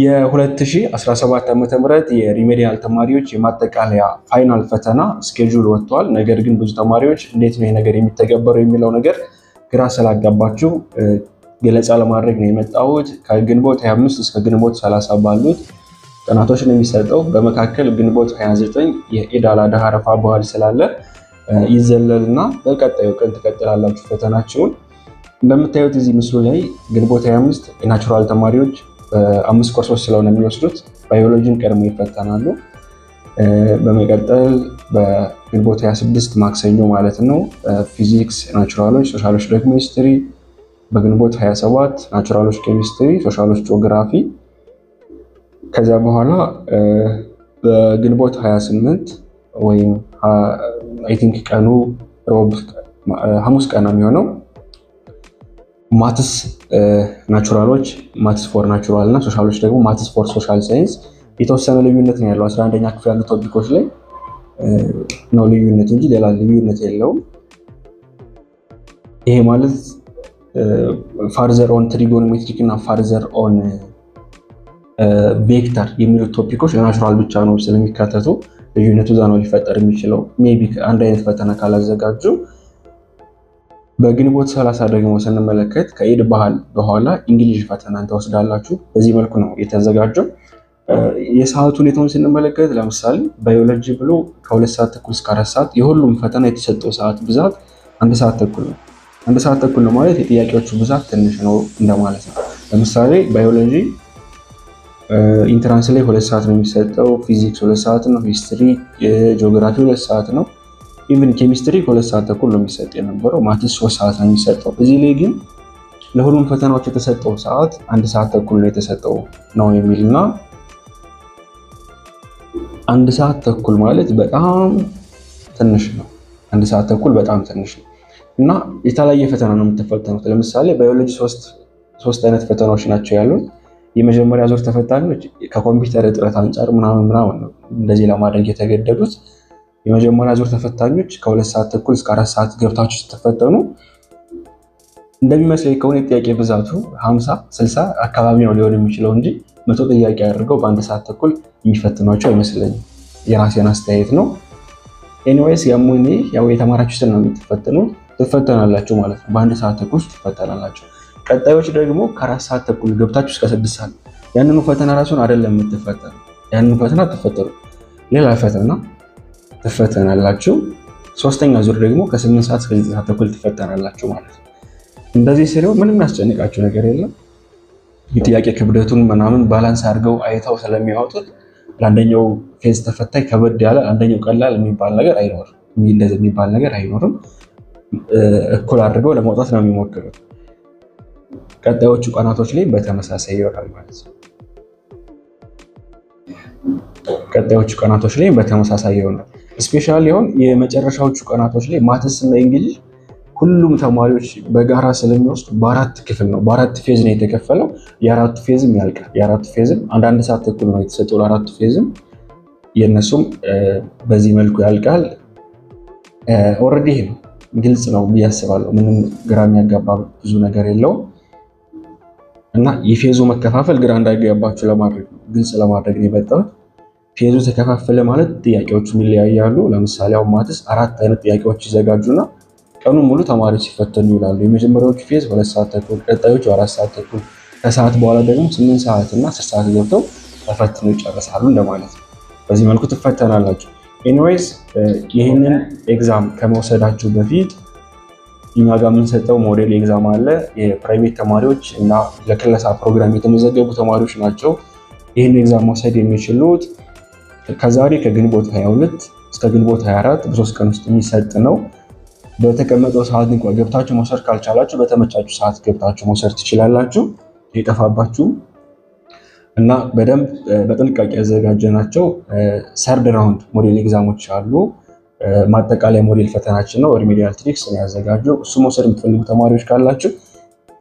የ2017 ዓ ም የሪሜዲያል ተማሪዎች የማጠቃለያ ፋይናል ፈተና ስኬጁል ወጥቷል። ነገር ግን ብዙ ተማሪዎች እንዴት ነው ይህ ነገር የሚተገበረው የሚለው ነገር ግራ ስላጋባችሁ ገለጻ ለማድረግ ነው የመጣሁት። ከግንቦት 25 እስከ ግንቦት 30 ባሉት ጥናቶች ነው የሚሰጠው። በመካከል ግንቦት 29 የኢድ አል አድሃ አረፋ በዓል ስላለ ይዘለልና በቀጣዩ ቀን ትቀጥላላችሁ ፈተናችሁን። እንደምታዩት እዚህ ምስሉ ላይ ግንቦት 25 የናቹራል ተማሪዎች አምስት ኮርሶች ስለሆነ የሚወስዱት ባዮሎጂን ቀድሞ ይፈተናሉ። በመቀጠል በግንቦት 26 ማክሰኞ ማለት ነው ፊዚክስ ናቹራሎች፣ ሶሻሎች ደግሞ ሂስትሪ፣ በግንቦት 27 ናቹራሎች ኬሚስትሪ፣ ሶሻሎች ጂኦግራፊ። ከዚያ በኋላ በግንቦት 28 ወይም አይ ቲንክ ቀኑ ሮብ ሐሙስ ቀን ነው የሚሆነው ማትስ ናቹራሎች ማትስ ፎር ናቹራል እና ሶሻሎች ደግሞ ማትስ ፎር ሶሻል ሳይንስ የተወሰነ ልዩነት ነው ያለው። አስራ አንደኛ ክፍል ያሉ ቶፒኮች ላይ ነው ልዩነት እንጂ ሌላ ልዩነት የለውም። ይሄ ማለት ፋርዘር ኦን ትሪጎኖሜትሪክ እና ፋርዘር ኦን ቬክተር የሚሉት ቶፒኮች ለናቹራል ብቻ ነው ስለሚካተቱ ልዩነቱ እዛ ነው ሊፈጠር የሚችለው ሜይ ቢ አንድ አይነት ፈተና ካላዘጋጁ በግንቦት ሰላሳ ደግሞ ስንመለከት ከኢድ ባህል በኋላ እንግሊዝ ፈተናን ተወስዳላችሁ። በዚህ መልኩ ነው የተዘጋጀው። የሰዓት ሁኔታውን ስንመለከት ለምሳሌ ባዮሎጂ ብሎ ከሁለት ሰዓት ተኩል እስከ አራት ሰዓት የሁሉም ፈተና የተሰጠው ሰዓት ብዛት አንድ ሰዓት ተኩል ነው። አንድ ሰዓት ተኩል ነው ማለት የጥያቄዎቹ ብዛት ትንሽ ነው እንደማለት ነው። ለምሳሌ ባዮሎጂ ኢንትራንስ ላይ ሁለት ሰዓት ነው የሚሰጠው፣ ፊዚክስ ሁለት ሰዓት ነው፣ ሂስትሪ ጂኦግራፊ ሁለት ሰዓት ነው። ኢቨን ኬሚስትሪ ሁለት ሰዓት ተኩል ነው የሚሰጥ የነበረው፣ ማትስ ሶስት ሰዓት ነው የሚሰጠው። እዚህ ላይ ግን ለሁሉም ፈተናዎች የተሰጠው ሰዓት አንድ ሰዓት ተኩል ነው የተሰጠው ነው የሚል እና አንድ ሰዓት ተኩል ማለት በጣም ትንሽ ነው። አንድ ሰዓት ተኩል በጣም ትንሽ ነው እና የተለያየ ፈተና ነው የምትፈተኑት። ለምሳሌ ባዮሎጂ ሶስት አይነት ፈተናዎች ናቸው ያሉት። የመጀመሪያ ዙር ተፈታኞች ከኮምፒውተር እጥረት አንጻር ምናምን ምናምን ነው እንደዚህ ለማድረግ የተገደዱት። የመጀመሪያ ዙር ተፈታኞች ከሁለት ሰዓት ተኩል እስከ አራት ሰዓት ገብታችሁ ስትፈተኑ እንደሚመስለኝ ከሆነ የጥያቄ ብዛቱ ሀምሳ ስልሳ አካባቢ ነው ሊሆን የሚችለው እንጂ መቶ ጥያቄ አድርገው በአንድ ሰዓት ተኩል የሚፈትኗቸው አይመስለኝም። የራሴን አስተያየት ነው። ኤኒዌይስ ያሙኔ ያው የተማራችሁትን ነው የምትፈተኑ ትፈተናላችሁ ማለት ነው። በአንድ ሰዓት ተኩል ውስጥ ትፈተናላችሁ። ቀጣዮች ደግሞ ከአራት ሰዓት ተኩል ገብታችሁ እስከ ስድስት ሰዓት ያንኑ ፈተና ራሱን አይደለም የምትፈተኑ ያንኑ ፈተና ትፈተኑ ሌላ ፈተና ትፈተናላችሁ። ሶስተኛ ዙር ደግሞ ከስምንት ሰዓት እስከ ዘጠኝ ሰዓት ተኩል ትፈተናላችሁ ማለት ነው። እንደዚህ ሲለው ምንም ያስጨንቃችሁ ነገር የለም። የጥያቄ ክብደቱን ምናምን ባላንስ አድርገው አይተው ስለሚያወጡት ለአንደኛው ፌዝ ተፈታኝ ከበድ ያለ አንደኛው ቀላል የሚባል ነገር አይኖርም። እንደዚህ የሚባል ነገር አይኖርም። እኩል አድርገው ለመውጣት ነው የሚሞክሩት። ቀጣዮቹ ቀናቶች ላይ በተመሳሳይ ይሆናል ማለት ነው። ቀጣዮቹ ቀናቶች ላይ በተመሳሳይ ይሆናል። ስፔሻል አሁን የመጨረሻዎቹ ቀናቶች ላይ ማተስ እና እንግሊዝ ሁሉም ተማሪዎች በጋራ ስለሚወስዱ በአራት ክፍል ነው፣ በአራት ፌዝ ነው የተከፈለው። የአራቱ ፌዝም ያልቃል። የአራቱ ፌዝም አንዳንድ ሰዓት ተኩል ነው የተሰጠው ለአራቱ ፌዝም የእነሱም በዚህ መልኩ ያልቃል። ኦልሬዲ ይሄ ነው ግልጽ ነው ብዬ አስባለሁ። ምንም ግራ የሚያጋባ ብዙ ነገር የለውም እና የፌዙ መከፋፈል ግራ እንዳይገባችሁ ለማድረግ ነው፣ ግልጽ ለማድረግ ነው የመጣሁት። ፔዙ ተከፋፈለ ማለት ጥያቄዎቹ ይለያያሉ። ለምሳሌ አሁን ማትስ አራት አይነት ጥያቄዎች ይዘጋጁና ቀኑን ሙሉ ተማሪዎች ሲፈተኑ ይውላሉ። የመጀመሪያዎቹ ፌዝ ሁለት ሰዓት ተኩል፣ ቀጣዮቹ አራት ሰዓት ተኩል፣ ከሰዓት በኋላ ደግሞ ስምንት ሰዓት እና አስር ሰዓት ገብተው ተፈትነው ይጨርሳሉ እንደማለት ነው። በዚህ መልኩ ትፈተናላችሁ። ኤኒዌይስ ይህንን ኤግዛም ከመውሰዳችሁ በፊት እኛ ጋር የምንሰጠው ሞዴል ኤግዛም አለ። የፕራይቬት ተማሪዎች እና ለክለሳ ፕሮግራም የተመዘገቡ ተማሪዎች ናቸው ይህን ኤግዛም መውሰድ የሚችሉት። ከዛሬ ከግንቦት 22 እስከ ግንቦት 24 በሶስት ቀን ውስጥ የሚሰጥ ነው። በተቀመጠው ሰዓት እንኳ ገብታችሁ መውሰድ ካልቻላችሁ በተመቻችሁ ሰዓት ገብታችሁ መውሰድ ትችላላችሁ። የጠፋባችሁ እና በደንብ በጥንቃቄ ያዘጋጀናቸው ሰርድ ራውንድ ሞዴል ኤግዛሞች አሉ። ማጠቃለያ ሞዴል ፈተናችን ነው ሪሜዲያል ትሪክስ ነው ያዘጋጀው። እሱ መውሰድ የምትፈልጉ ተማሪዎች ካላችሁ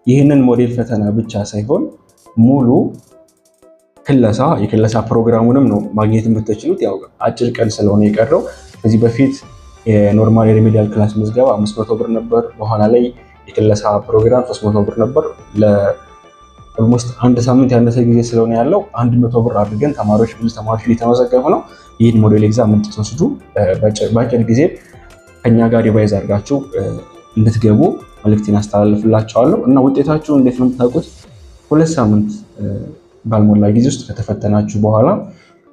ይህንን ሞዴል ፈተና ብቻ ሳይሆን ሙሉ ክለሳ የክለሳ ፕሮግራሙንም ነው ማግኘት የምትችሉት። ያው አጭር ቀን ስለሆነ የቀረው ከዚህ በፊት የኖርማል የሪሜዲያል ክላስ ምዝገባ አምስት መቶ ብር ነበር። በኋላ ላይ የክለሳ ፕሮግራም ሶስት መቶ ብር ነበር። ለኦልሞስት አንድ ሳምንት ያነሰ ጊዜ ስለሆነ ያለው አንድ መቶ ብር አድርገን ተማሪዎች ብዙ ተማሪዎች እየተመዘገቡ ነው። ይህን ሞዴል ኤግዛም እንድትወስዱ በአጭር ጊዜ ከኛ ጋር ሪቫይዝ አድርጋችሁ እንድትገቡ መልእክቴን አስተላልፍላቸዋለሁ እና ውጤታችሁ እንዴት ነው የምታውቁት? ሁለት ሳምንት ባልሞላ ጊዜ ውስጥ ከተፈተናችሁ በኋላ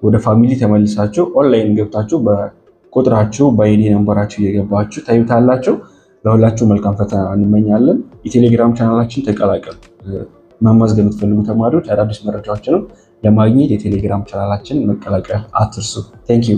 ወደ ፋሚሊ ተመልሳችሁ ኦንላይን ገብታችሁ በቁጥራችሁ በአይዲ ነንበራችሁ እየገባችሁ ታዩታላችሁ። ለሁላችሁ መልካም ፈተና እንመኛለን። የቴሌግራም ቻናላችን ተቀላቀሉ። መመዝገብ የምትፈልጉ ተማሪዎች አዳዲስ መረጃዎችንም ለማግኘት የቴሌግራም ቻናላችን መቀላቀል አትርሱ። ቴንክ ዩ